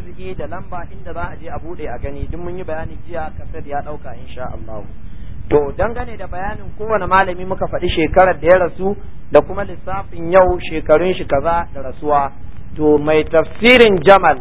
juz'i da lamba inda za a je a bude a gani duk mun yi bayani jiya kasar ya dauka insha Allah to dangane da bayanin kowane malami muka faɗi shekarar da ya rasu da kuma lissafin yau shekarun shi kaza da rasuwa to mai tafsirin jamal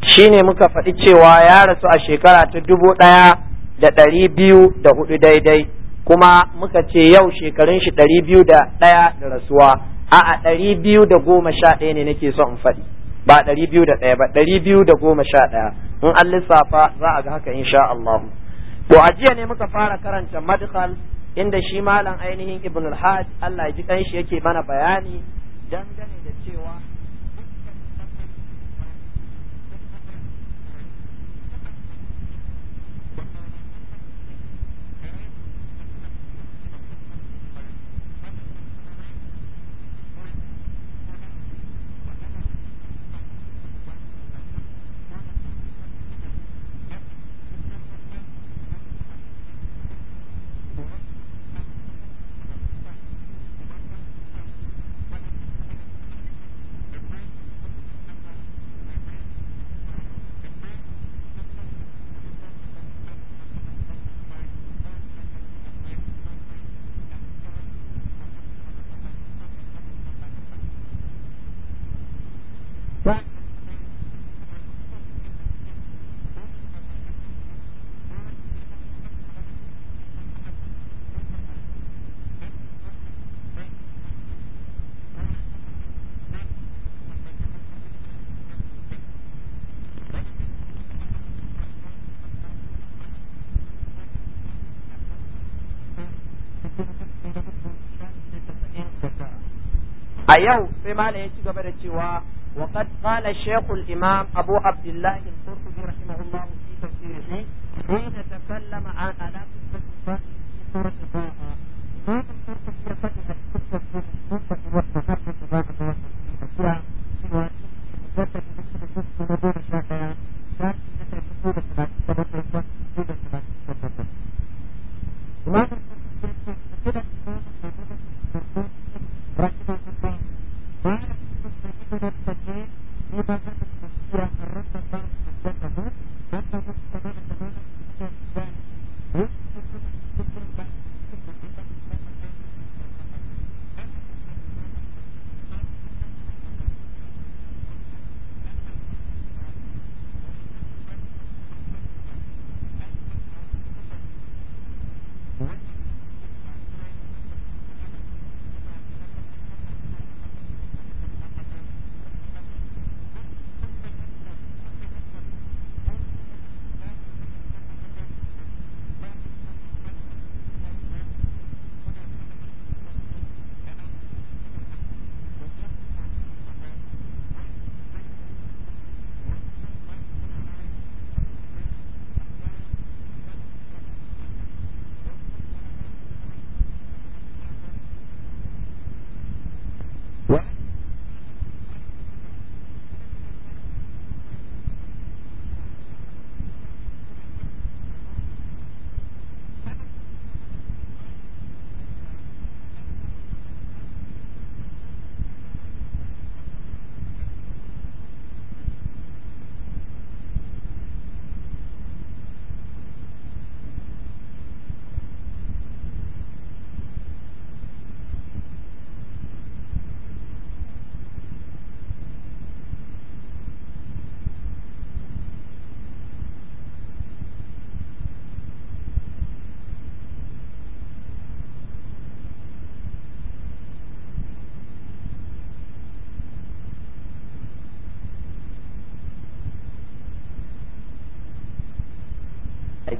shine muka faɗi cewa ya rasu a shekara ta dubu ɗaya da ɗari biyu da hudu daidai kuma muka ce yau shekarun shi ɗari biyu da ɗaya da rasuwa a'a ɗari biyu da goma sha ɗaya ne nake so in faɗi ba ɗari biyu da ɗaya ba ɗari biyu da goma sha ɗaya in an lissafa za a ga haka insha Allah to a jiya ne muka fara karanta madkhal inda shi malam ainihin ibn al-hajj Allah ya ji kanshi yake mana bayani dangane da cewa yau sai mana ya ci gaba da cewa wa qad qala shaykhul imam abu abdullah al-qurtubi rahimahullah fi tafsirihi حين تكلم عن آلاف الفتوى في سورة الضاحى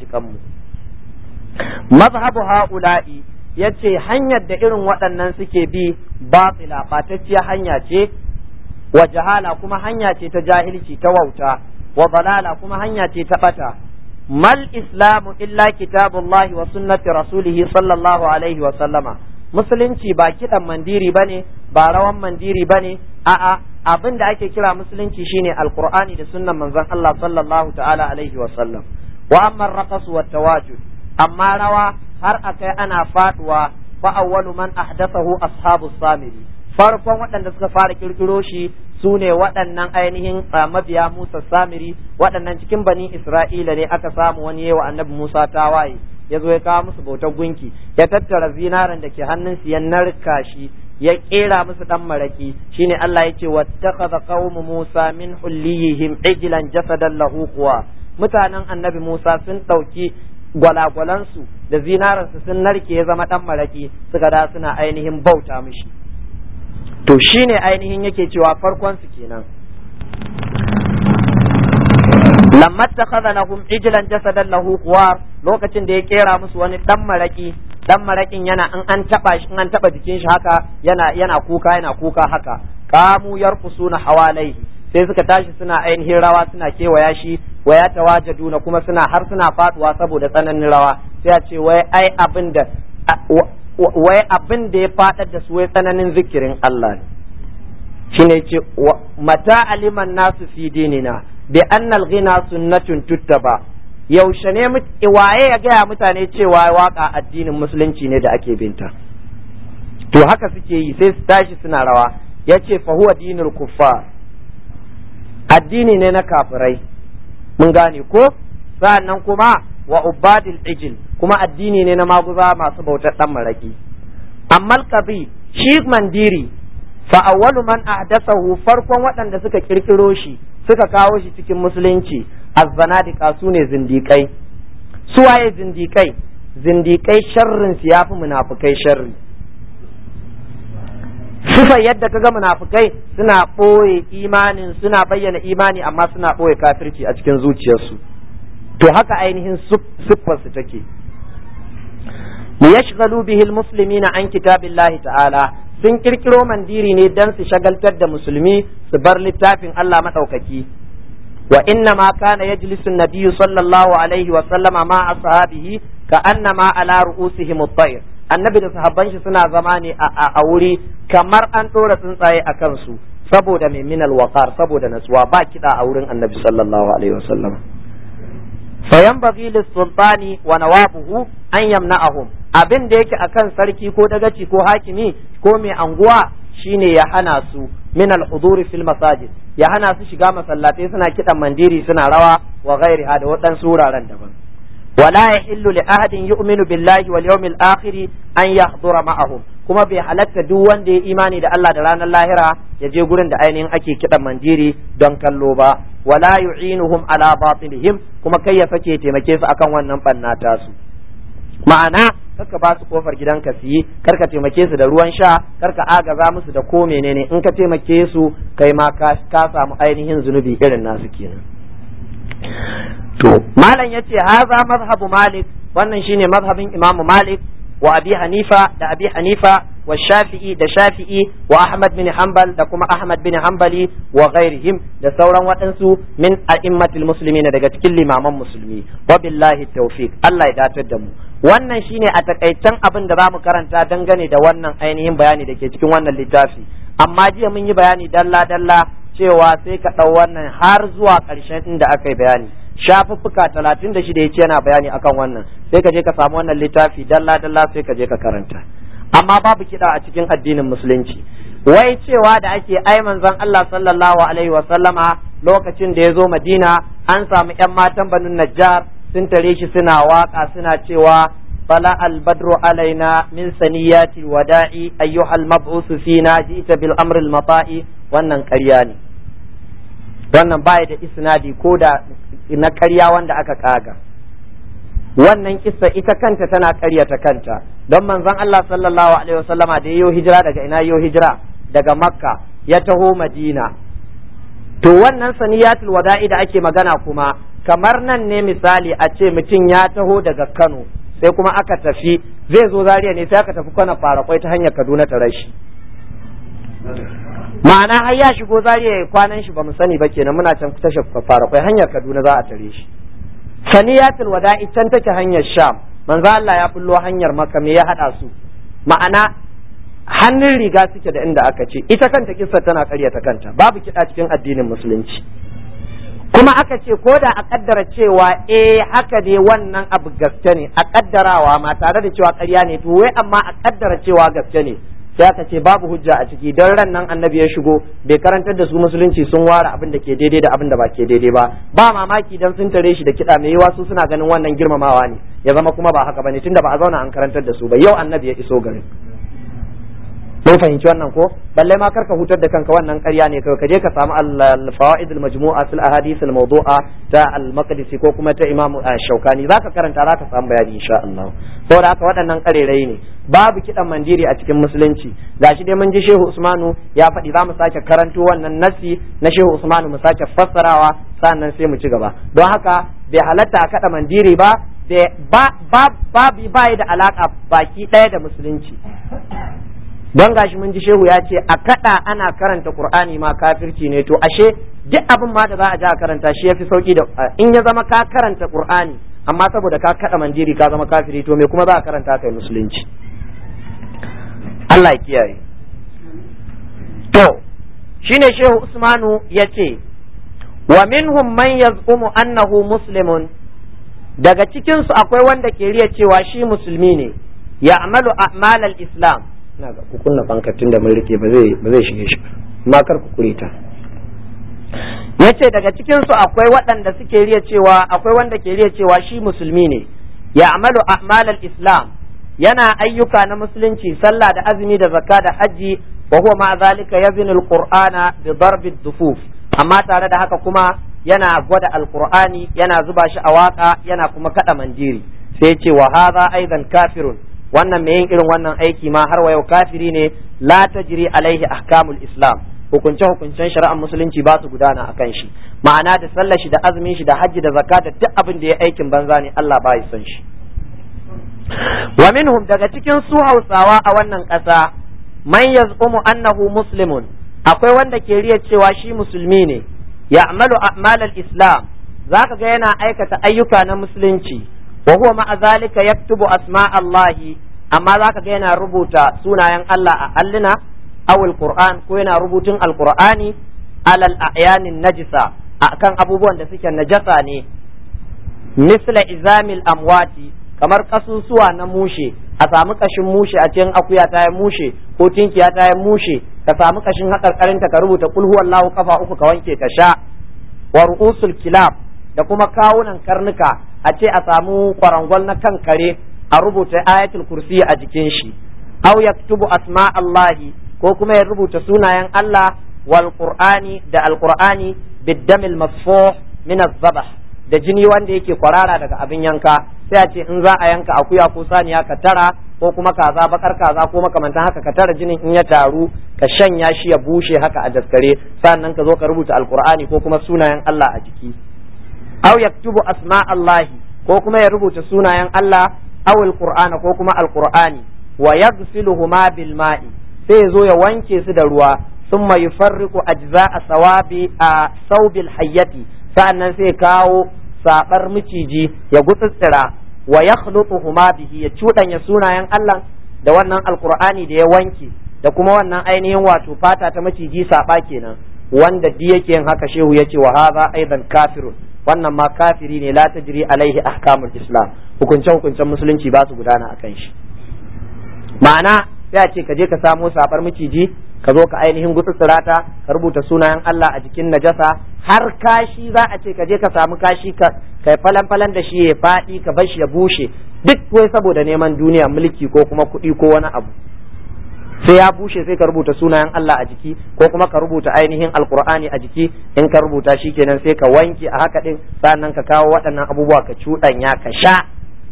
ji mazhabu ha'ula'i ce hanyar da irin waɗannan suke bi batila batacciya hanya ce wa jahala kuma hanya ce ta jahilci ta wauta wa balala kuma hanya ce ta bata mal islamu illa kitabullahi wa sunnati rasulih sallallahu alaihi wa sallama musulunci ba kiɗan mandiri bane ba rawan mandiri bane a'a abin da ake kira musulunci shine alqur'ani da sunnan manzon Allah sallallahu ta'ala alaihi wa sallam wa amma wa tawajud amma rawa har akai ana faduwa fa awwalu man ahdathahu ashabu samiri farkon waɗanda suka fara kirkiro shi su ne waɗannan ainihin mabiya Musa Samiri waɗannan cikin bani Isra'ila ne aka samu wani yawa annabi Musa tawaye ya zo ya kawo musu bautar gunki ya tattara zinaran da ke hannun ya narka shi ya kera musu dan maraki shine Allah ya ce wattakhadha qaumu Musa min hulliyihim ijlan jasadan lahu quwa mutanen annabi Musa sun ɗauki gwalagwalansu da zinaransu sun narke ya zama ɗan maraki suka da suna ainihin bauta mishi to shi ne ainihin yake cewa farkon su ta kaza na lahum ijilan jasadan lahu kuwa lokacin da ya kera musu wani ɗan maraki ɗan marakin yana in an taɓa shi in an taɓa jikin shi haka yana kuka yana kuka haka kamu na hawalaihi sai suka tashi suna ainihin rawa suna kewaya shi wa ya duna kuma suna har suna faduwa saboda tsananin rawa sai a ce wai ai abin da wai abin ya fadar da su wai tsananin zikirin Allah ne ne ce mata aliman nasu fi dinina bi annal ghina sunnatun tuttaba yaushe ne waye ya gaya mutane cewa waka addinin musulunci ne da ake binta to haka suke yi sai su tashi suna rawa yace fa huwa dinul kuffar addini ne na kafirai mun gane ko sa'annan kuma wa ubadil ijil kuma addini ne na maguza masu bautar dan maraki amma alqabi shi mandiri fa awwalu man ahdathahu farkon waɗanda suka kirkiro shi suka kawo shi cikin musulunci azzanadika su ne zindikai waye zindikai zindikai sharrin su yafi munafikai sharri sifar yadda ka ga munafukai suna ɓoye imanin suna bayyana imani amma suna ɓoye kafirci a cikin zuciyarsu to haka ainihin siffarsu take yashghalu bihi almuslimina an kitabillahi ta'ala sun kirkiro mandiri ne dan su shagaltar da musulmi su bar littafin Allah madaukaki wa inna ma kana yajlisu an sallallahu alaihi wa sallama ma ashabihi ka annama ala ru'usihim at-tayr annabi da sahabban shi suna zama ne a wuri kamar an ɗora tsuntsaye a kansu saboda mai minal waqar saboda natsuwa ba kiɗa a wurin annabi sallallahu alaihi wasallam fayanbaghi lis-sultani wa nawabuhu an yamna'ahum abin da yake akan sarki ko dagaci ko hakimi ko mai anguwa shine ya hana su min al fil masajid ya hana su shiga masallatai suna kiɗan mandiri suna rawa wa ghairiha da waɗansu wuraren daban Wala ولا يحل biLlahi يؤمن بالله واليوم an أن يحضر معهم kuma bai halarta duk wanda ya imani da Allah da ranar lahira ya je gurin da ainihin ake kiɗan manjiri don kallo ba wala yu'inuhum ala batilihim kuma kai ya sake taimake su akan wannan banna ta su ma'ana karka ba su kofar gidanka su yi karka taimake su da ruwan sha karka agaza musu da ko menene in ka taimake su kai ma ka samu ainihin zunubi irin nasu kenan to malam yace haza mazhabu malik wannan shine mazhabin imam malik wa abi hanifa da abi hanifa wa shafi'i da shafi'i wa ahmad bin hanbal da kuma ahmad bin hanbali wa ghairihim da sauran waɗansu min musulmi muslimin daga cikin limaman musulmi wa billahi tawfiq Allah ya datar da mu wannan shine a takaitan abin da zamu karanta dangane da wannan ainihin bayani da ke cikin wannan littafi amma jiya mun yi bayani dalla dalla cewa sai ka ɗau wannan har zuwa ƙarshen inda aka yi bayani shafuffuka talatin da shida ya ce yana bayani akan wannan sai ka je ka samu wannan littafi dalla dalla sai ka je ka karanta amma babu kiɗa a cikin addinin musulunci wai cewa da ake ai manzon Allah sallallahu alaihi wa sallama lokacin da ya zo Madina an samu ƴan matan Banu Najjar sun tare shi suna waka suna cewa bala albadru alaina min saniyati wada'i ayyuhal mab'usu fina ji'ta bil amri al mata'i wannan ƙarya ne wannan baya da isnadi ko da na ƙarya wanda aka kaga wannan kissa ita kanta tana ta kanta don manzon Allah sallallahu alaihi wasallama da yayo hijira daga ina yohijira hijira daga makka ya taho madina to wannan saniyatul wada'i da ake magana kuma kamar nan ne misali a ce mutum ya taho daga Kano sai kuma aka tafi zai zo zariya ne sai aka tafi Kano fara kwai ta hanyar Kaduna ta rashi ma'ana har ya shigo zariya ya kwanan shi ba mu sani ba kenan muna can tashar fara kai hanyar kaduna za a tare shi saniyatul wada'i can take hanyar sham manzo Allah ya bullo hanyar maka me ya hada su ma'ana hannun riga suke da inda aka ce ita kanta kissa tana ta kanta babu kiɗa cikin addinin musulunci kuma aka ce ko da a kaddara cewa eh haka ne wannan abu gaske ne a kaddarawa ma tare da cewa karya ne to wai amma a kaddara cewa gaske ne sai aka ce babu hujja a ciki don ran nan annabi ya shigo bai karantar da su musulunci sun ware abin da ke daidai da abin da ba ke daidai ba ba mamaki don sun tare shi da kiɗa mai yawa su suna ganin wannan girmamawa ne ya zama kuma ba haka bane tunda ba a zauna an karantar da su ba yau annabi ya iso garin mun fahimci wannan ko balle ma karka hutar da kanka wannan ƙarya ne kai je ka samu al-fawaid al-majmu'a fil ahadith al-mawdu'a ta al-maqdisi ko kuma ta imam eh, shaukani zaka karanta zaka samu bayani insha Allah saboda haka waɗannan ƙarerai ne babu kidan mandiri a cikin musulunci gashi dai mun ji Shehu Usmanu ya faɗi za mu sake karanto wannan nasi na Shehu Usmanu mu sake fassarawa sannan sai mu ci gaba don haka bai halatta a kada mandiri ba ba ba ba da alaka baki ɗaya da musulunci don gashi mun ji shehu ya ce a kada ana karanta qur'ani ma kafirci ne to ashe duk abin ma da za a ji a karanta shi ya fi sauki da in ya zama ka karanta qur'ani amma saboda ka kada manjiri ka zama kafiri to me kuma za a karanta kai musulunci Allah ya kiyaye to shine shehu usmanu ya ce wa minhum man yaz'umu annahu muslimun daga cikinsu akwai wanda ke riya cewa shi musulmi ne ya amalu a'malal islam ga ku kunna fankar mun rike ba zai shige shi ba kar ku kure ta yace daga cikin su akwai waɗanda suke riya cewa akwai wanda ke riya cewa shi musulmi ne ya amalu a'malal islam yana ayyuka na musulunci sallah da azumi da zakka da haji wa huwa ma zalika yazinu alqur'ana bi darbi dufuf amma tare da haka kuma yana gwada alqur'ani yana zuba shi a waka yana kuma kada mandiri sai ce wa hadha aidan kafirun wannan mai yin irin wannan aiki ma har wa yau kafiri ne la tajri alaihi ahkamul islam hukunce hukuncen shari'ar musulunci ba su gudana a kan shi ma'ana da sallar shi da azumin shi da hajji da da duk abin da ya aikin banza ne Allah ba ya san shi wa minhum daga cikin su Hausawa a wannan ƙasa man yaz'umu annahu muslimun akwai wanda ke riya cewa shi musulmi ne ya'malu a'malal islam zaka ga yana aikata ayyuka na musulunci wa huwa ma'a zalika yaktubu asma Allahi amma zaka ga yana rubuta sunayen Allah a allina awul Qur'an ko yana rubutun alqur'ani alal a'yanin najisa akan abubuwan da suke najasa ne misla izamil amwati kamar kasusuwa na mushe a samu kashin mushe a cikin akuya ta yi mushe ko tinkiya ta yi mushe ka samu kashin hakarkarinta ka rubuta kul huwallahu kafa uku ka wanke ka sha wa ru'usul kilab da kuma kawunan karnuka a ce a samu kwarangwal na kan kare a rubuta ayatul kursi a jikin shi aw yaktubu asma Allahi ko kuma ya rubuta sunayen Allah wal qur'ani da al qur'ani biddamil masfuh min az-zabah da jini wanda yake kwarara daga abin yanka sai a ce in za a yanka akuya ko saniya ka tara ko kuma kaza bakar kaza ko makamantan haka ka tara jinin in ya taru ka shanya shi ya bushe haka a daskare sannan ka zo ka rubuta al al-qur'ani ko kuma sunayen Allah a jiki aw yaktubu asma ko kuma ya rubuta sunayen Allah aw alqur'ana ko kuma alqur'ani wa yaghsiluhuma bil ma'i sai yazo ya wanke su da ruwa thumma yufarriqu ajza'a sawabi a saubil hayyati sa'annan sai kawo sabar miciji ya gutsutsira wa yakhlutuhuma bihi ya cudanya sunayen Allah da wannan alqur'ani da ya wanke da kuma wannan ainihin wato fata ta maciji saba kenan wanda di yake yin haka shehu yace wa hadha aidan kafirun wannan ma kafiri ne la jiri alaihi ahkamul islam hukunce hukuncen musulunci ba su gudana akan shi ma'ana sai a ce ka je ka samo safar miciji ka zo ka ainihin gutsutsura ta ka rubuta sunayen Allah a jikin najasa har kashi za a ce ka je ka samu kashi ka kai falan falan da shi ya faɗi ka bar shi ya bushe duk wai saboda neman duniya mulki ko kuma kuɗi ko wani abu sai ya bushe sai ka rubuta sunayen Allah a jiki ko kuma ka rubuta ainihin alkur'ani a jiki in ka rubuta shi kenan sai ka wanke a haka din sannan ka kawo waɗannan abubuwa ka cuɗan ya ka sha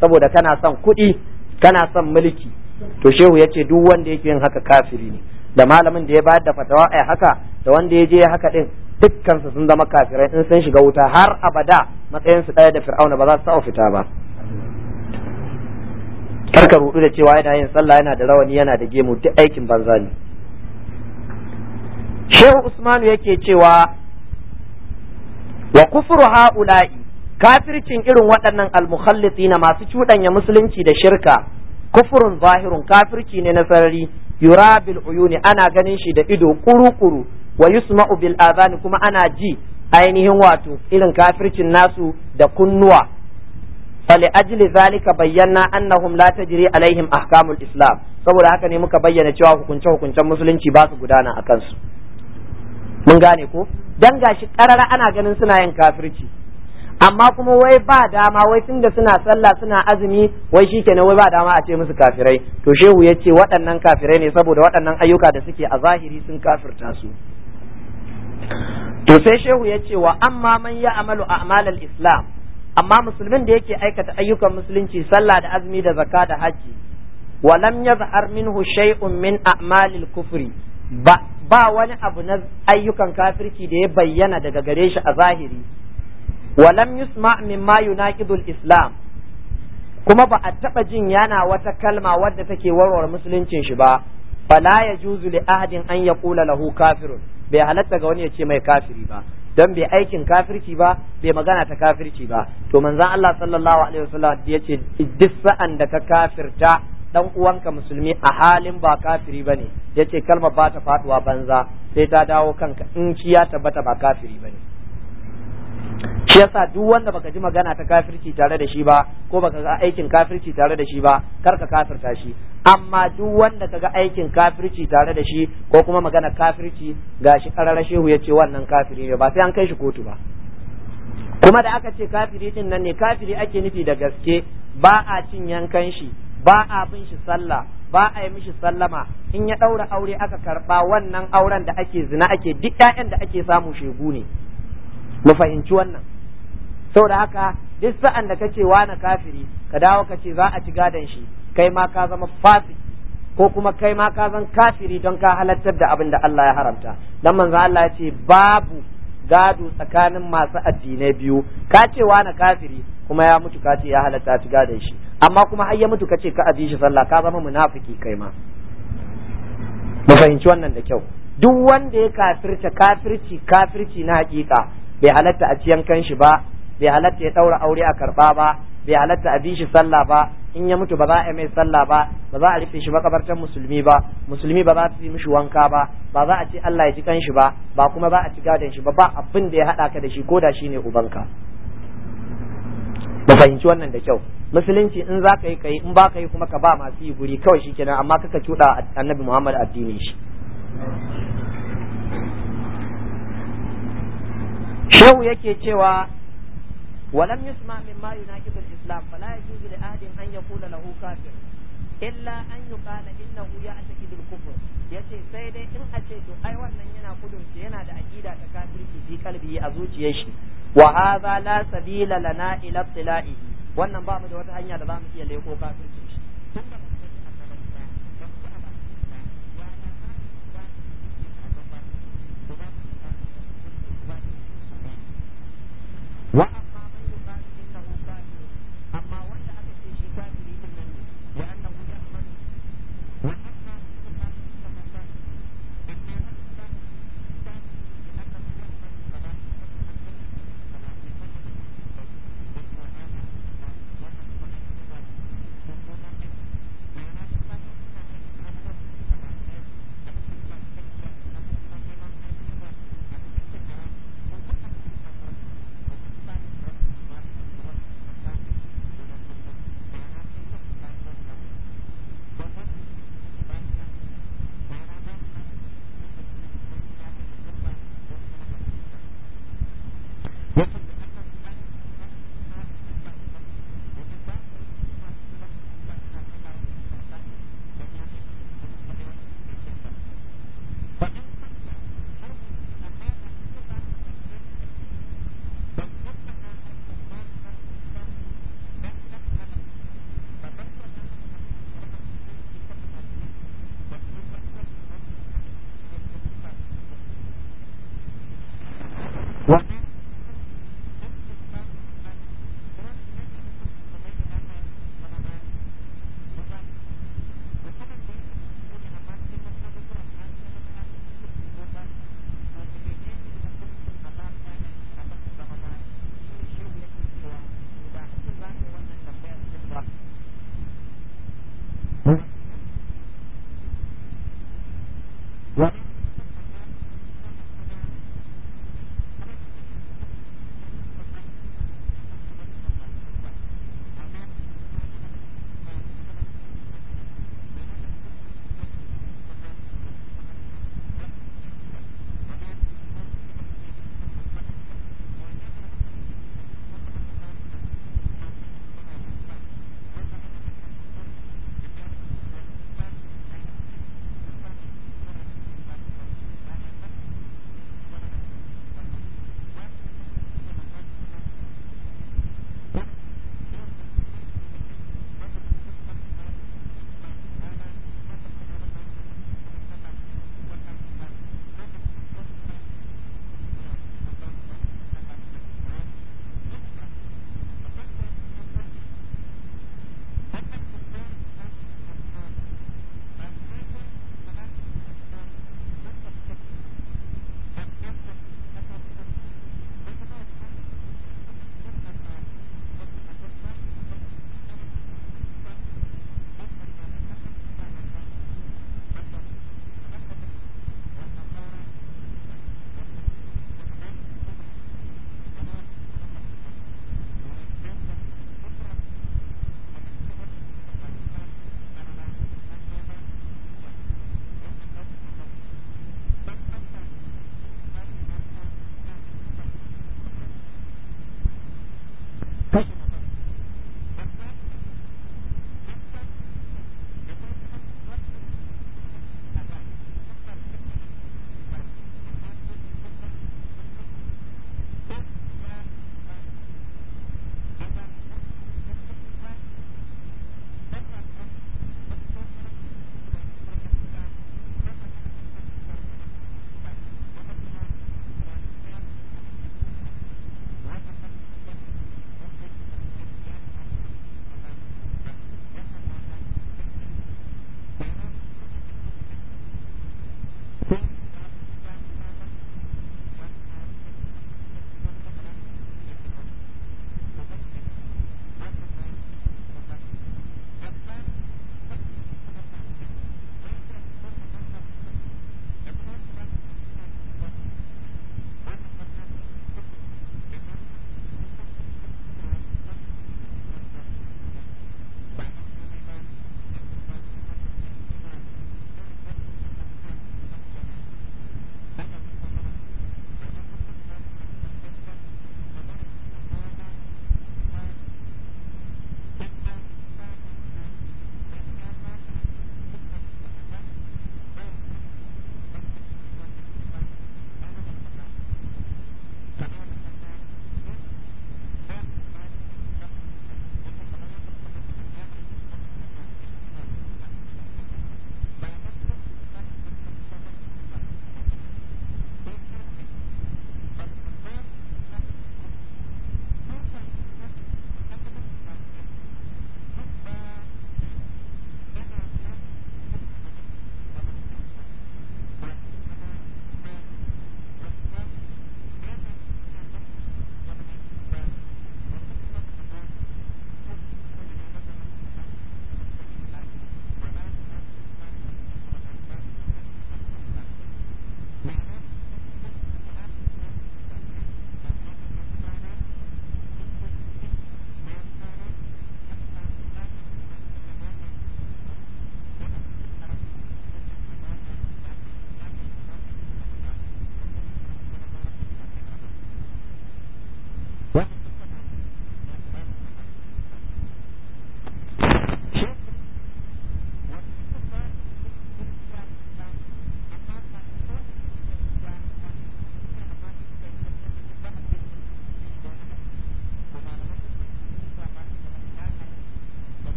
saboda kana son kuɗi kana son mulki to shehu ya ce duk wanda yake yin haka kafiri ne da malamin da ya bayar da fatawa ai haka da wanda ya je ya haka din dukkansu sun zama kafirai in sun shiga wuta har abada matsayinsu ɗaya da fir'auna ba za su taɓa fita ba karka rudu da cewa yana yin sallah yana da rawani yana da gemu duk aikin banza ne shehu usmanu yake cewa wa kufru ha'ula'i kafircin irin waɗannan na masu cuɗanya musulunci da shirka kufurun zahirun kafirci ne na sarari yura bil uyuni ana ganin shi da ido kuru wa yusma'u bil azani kuma ana ji ainihin wato irin kafircin nasu da kunnuwa فلأجل ذلك بينا أنهم لا تجري عليهم أحكام Islam. saboda haka ne muka bayyana cewa hukunce hukuncen musulunci ba su gudana a kansu mun gane ko dan gashi karara ana ganin suna yin kafirci amma kuma wai ba dama wai tunda suna sallah suna azumi wai shikenan wai ba dama a ce musu kafirai to shehu ya ce waɗannan kafirai ne saboda waɗannan ayyuka da suke a zahiri sun kafirta su to sai shehu ya ce wa amma man ya amalu a'malal islam amma musulmin da yake aikata ayyukan musulunci sallah da azumi da zakka da haji wa lam yazhar minhu shay'un min a'malil kufri ba ba wani abu na ayyukan kafirci da ya bayyana daga gare shi a zahiri wa lam yusma ma yunaqidul islam kuma ba a taba jin yana wata kalma wadda take warware musuluncin shi ba fala yajuzu li ahadin an yaqula lahu kafirun bai halatta ga wani ya ce mai kafiri ba dan bai aikin kafirci ba bai magana ta kafirci ba to manzon Allah sallallahu alaihi wasallam yace duk sa'an da ka kafirta dan uwanka musulmi a halin ba kafiri bane yace kalmar ba ta faduwa banza sai ta dawo kanka in ya tabbata ba kafiri bane shi yasa duk wanda baka ji magana ta kafirci tare da shi ba ko baka ga aikin kafirci tare da shi ba kar ka kafirta shi amma duk wanda ka ga aikin kafirci tare da shi ko kuma magana kafirci gashi karara shehu ce wannan kafiri ne ba sai an kai shi kotu ba kuma da aka ce kafiri din nan ne kafiri ake nufi da gaske ba a cin yankan shi ba a bin shi sallah ba a yi mishi sallama in ya daura aure aka karba wannan auren da ake zina ake duk ƴaƴan da ake samu shegu ne mu fahimci wannan saboda haka duk sa'an da wa na kafiri ka dawo ka ce za a ci gadon shi kai ma ka zama fasik ko kuma kai ma ka zan kafiri don ka halartar da abin da Allah ya haramta dan manzo Allah ya ce babu gado tsakanin masu addinai biyu ka ce wani kafiri kuma ya mutu ka ce ya halatta ci gadon shi amma kuma har ya mutu ka ce ka aji shi sallah ka zama munafiki kai ma mu fahimci wannan da kyau duk wanda ya kafirta kafirci kafirci na hakika bai halatta a ciyan kan shi ba bai halatta ya daura aure a karba ba bai halatta a bi shi sallah ba in ya mutu ba za a mai sallah ba ba za a rufe shi makabartar musulmi ba musulmi ba za su yi mishi wanka ba ba za a ce Allah ya ji kanshi ba ba kuma za a ci gadon shi ba ba abin da ya haɗa ka da shi ko da shi ne ubanka ba fahimci wannan da kyau musulunci in za ka yi kai in ba ka yi kuma ka ba masu yi guri kawai shi kenan amma kaka cuɗa annabi Muhammad addinin shi shehu yake cewa ولم يسمع مما يناقض الاسلام فلا يجوز لاحد ان يقول له كافر الا ان يقال انه يعتقد ya yace sai dai in a ce to ai wannan yana kudurci yana da aqida ta kafirci fi kalbi a zuciyar shi wa hadha la sabila lana ila wannan ba mu da wata hanya da za mu iya leko kafirci shi What?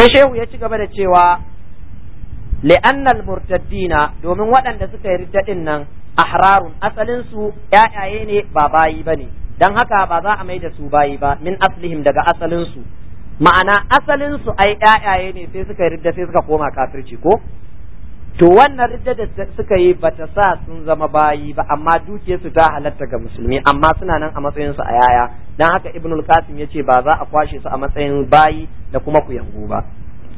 sai shehu ya ci gaba da cewa li'annal murtaddina domin waɗanda suka yi riddadin nan ahrarun asalin su ƴaƴaye ne ba bayi bane dan haka ba za a mai da su bayi ba min aslihim daga asalinsu. ma'ana asalinsu su ai ƴaƴaye ne sai suka yi sai suka koma kafirci ko to wannan ridda da suka yi ba ta sa sun zama bayi ba amma dukiyarsu ta halatta ga musulmi amma suna nan a matsayin su a yaya dan haka ibnul qasim ce ba za a kwashe su a matsayin bayi da kuma ku yango ba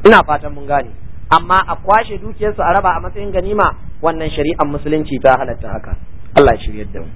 ina fatan mun gane amma a kwashe dukiyarsu a raba a matsayin ganima wannan shari'ar musulunci ta halatta haka Allah ya shiryar da mu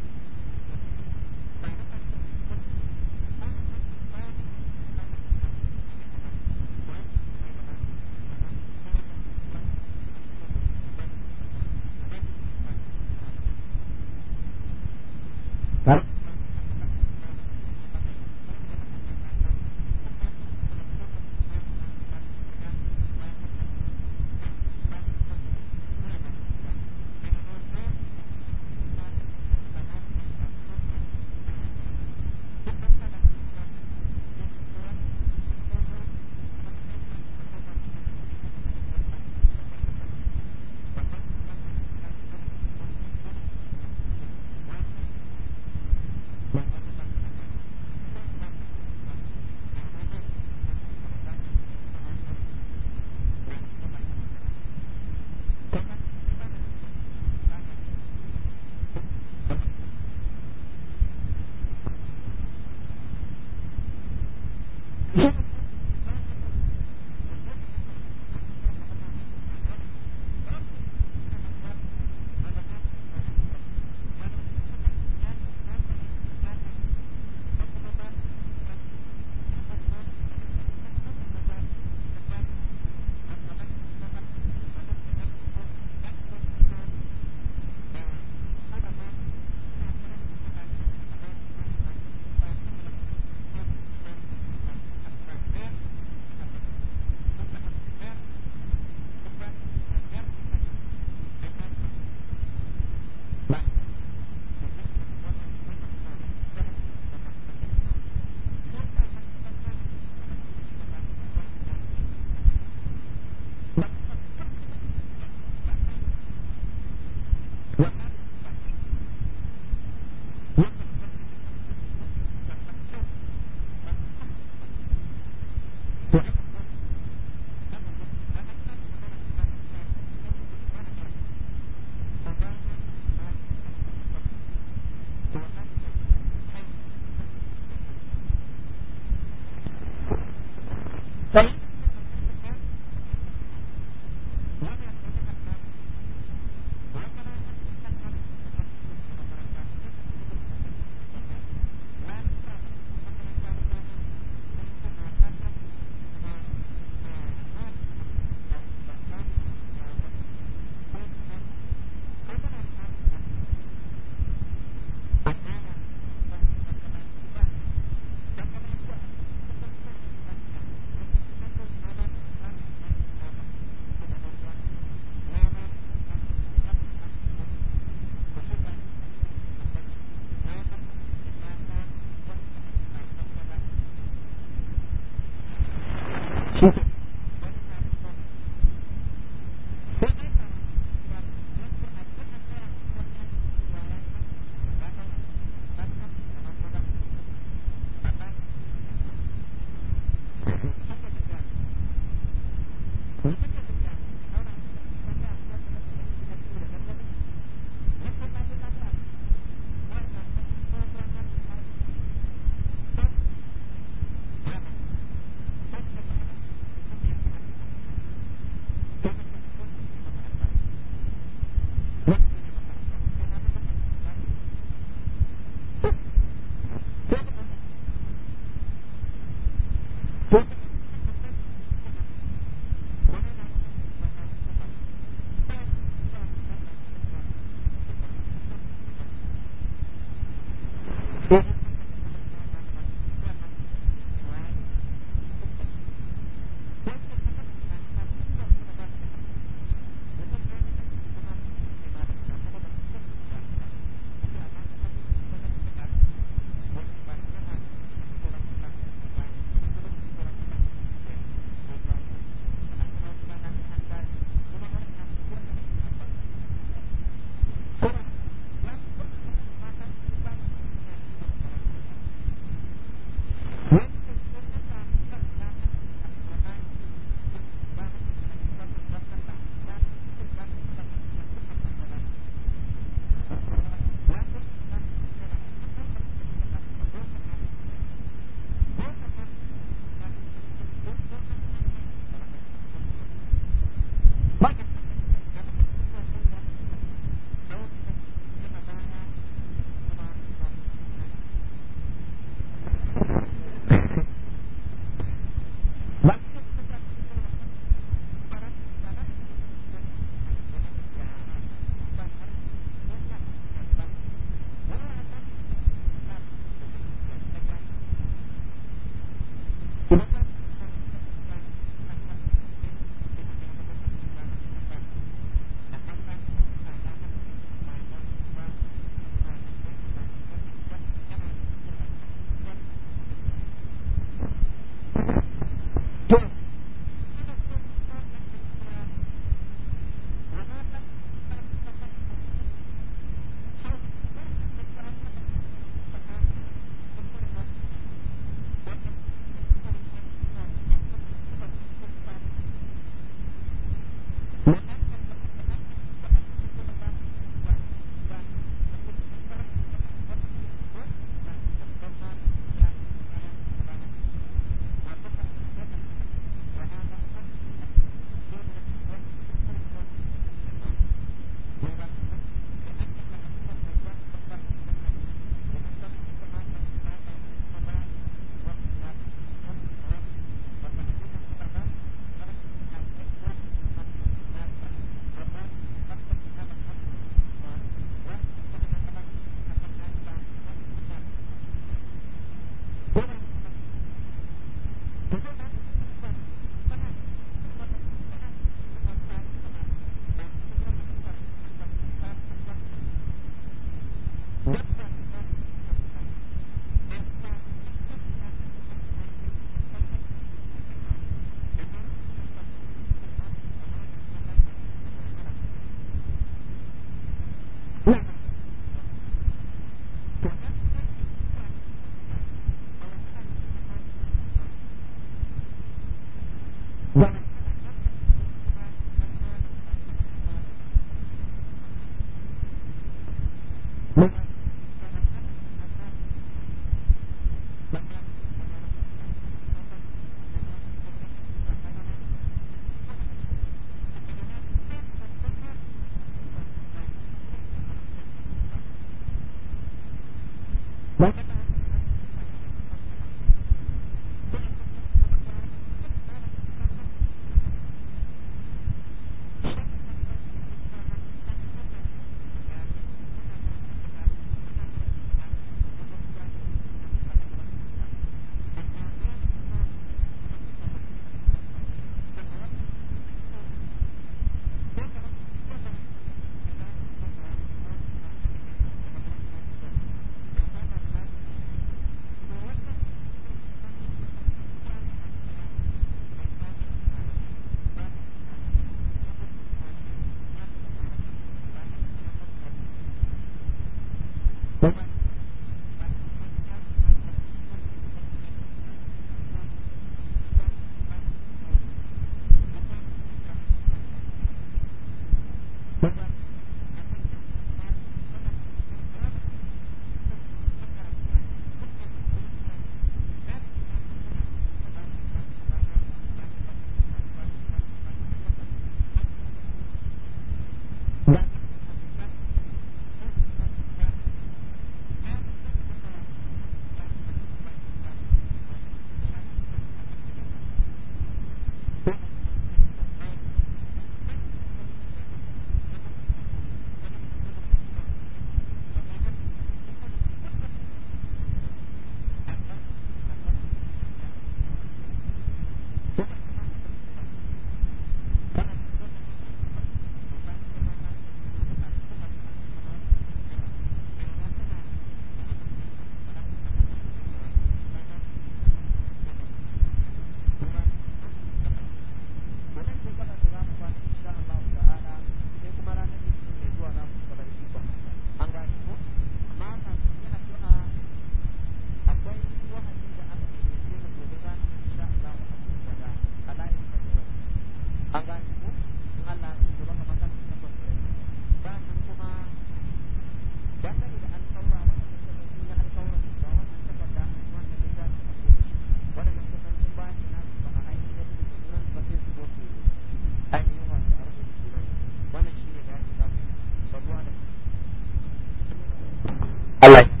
อะไร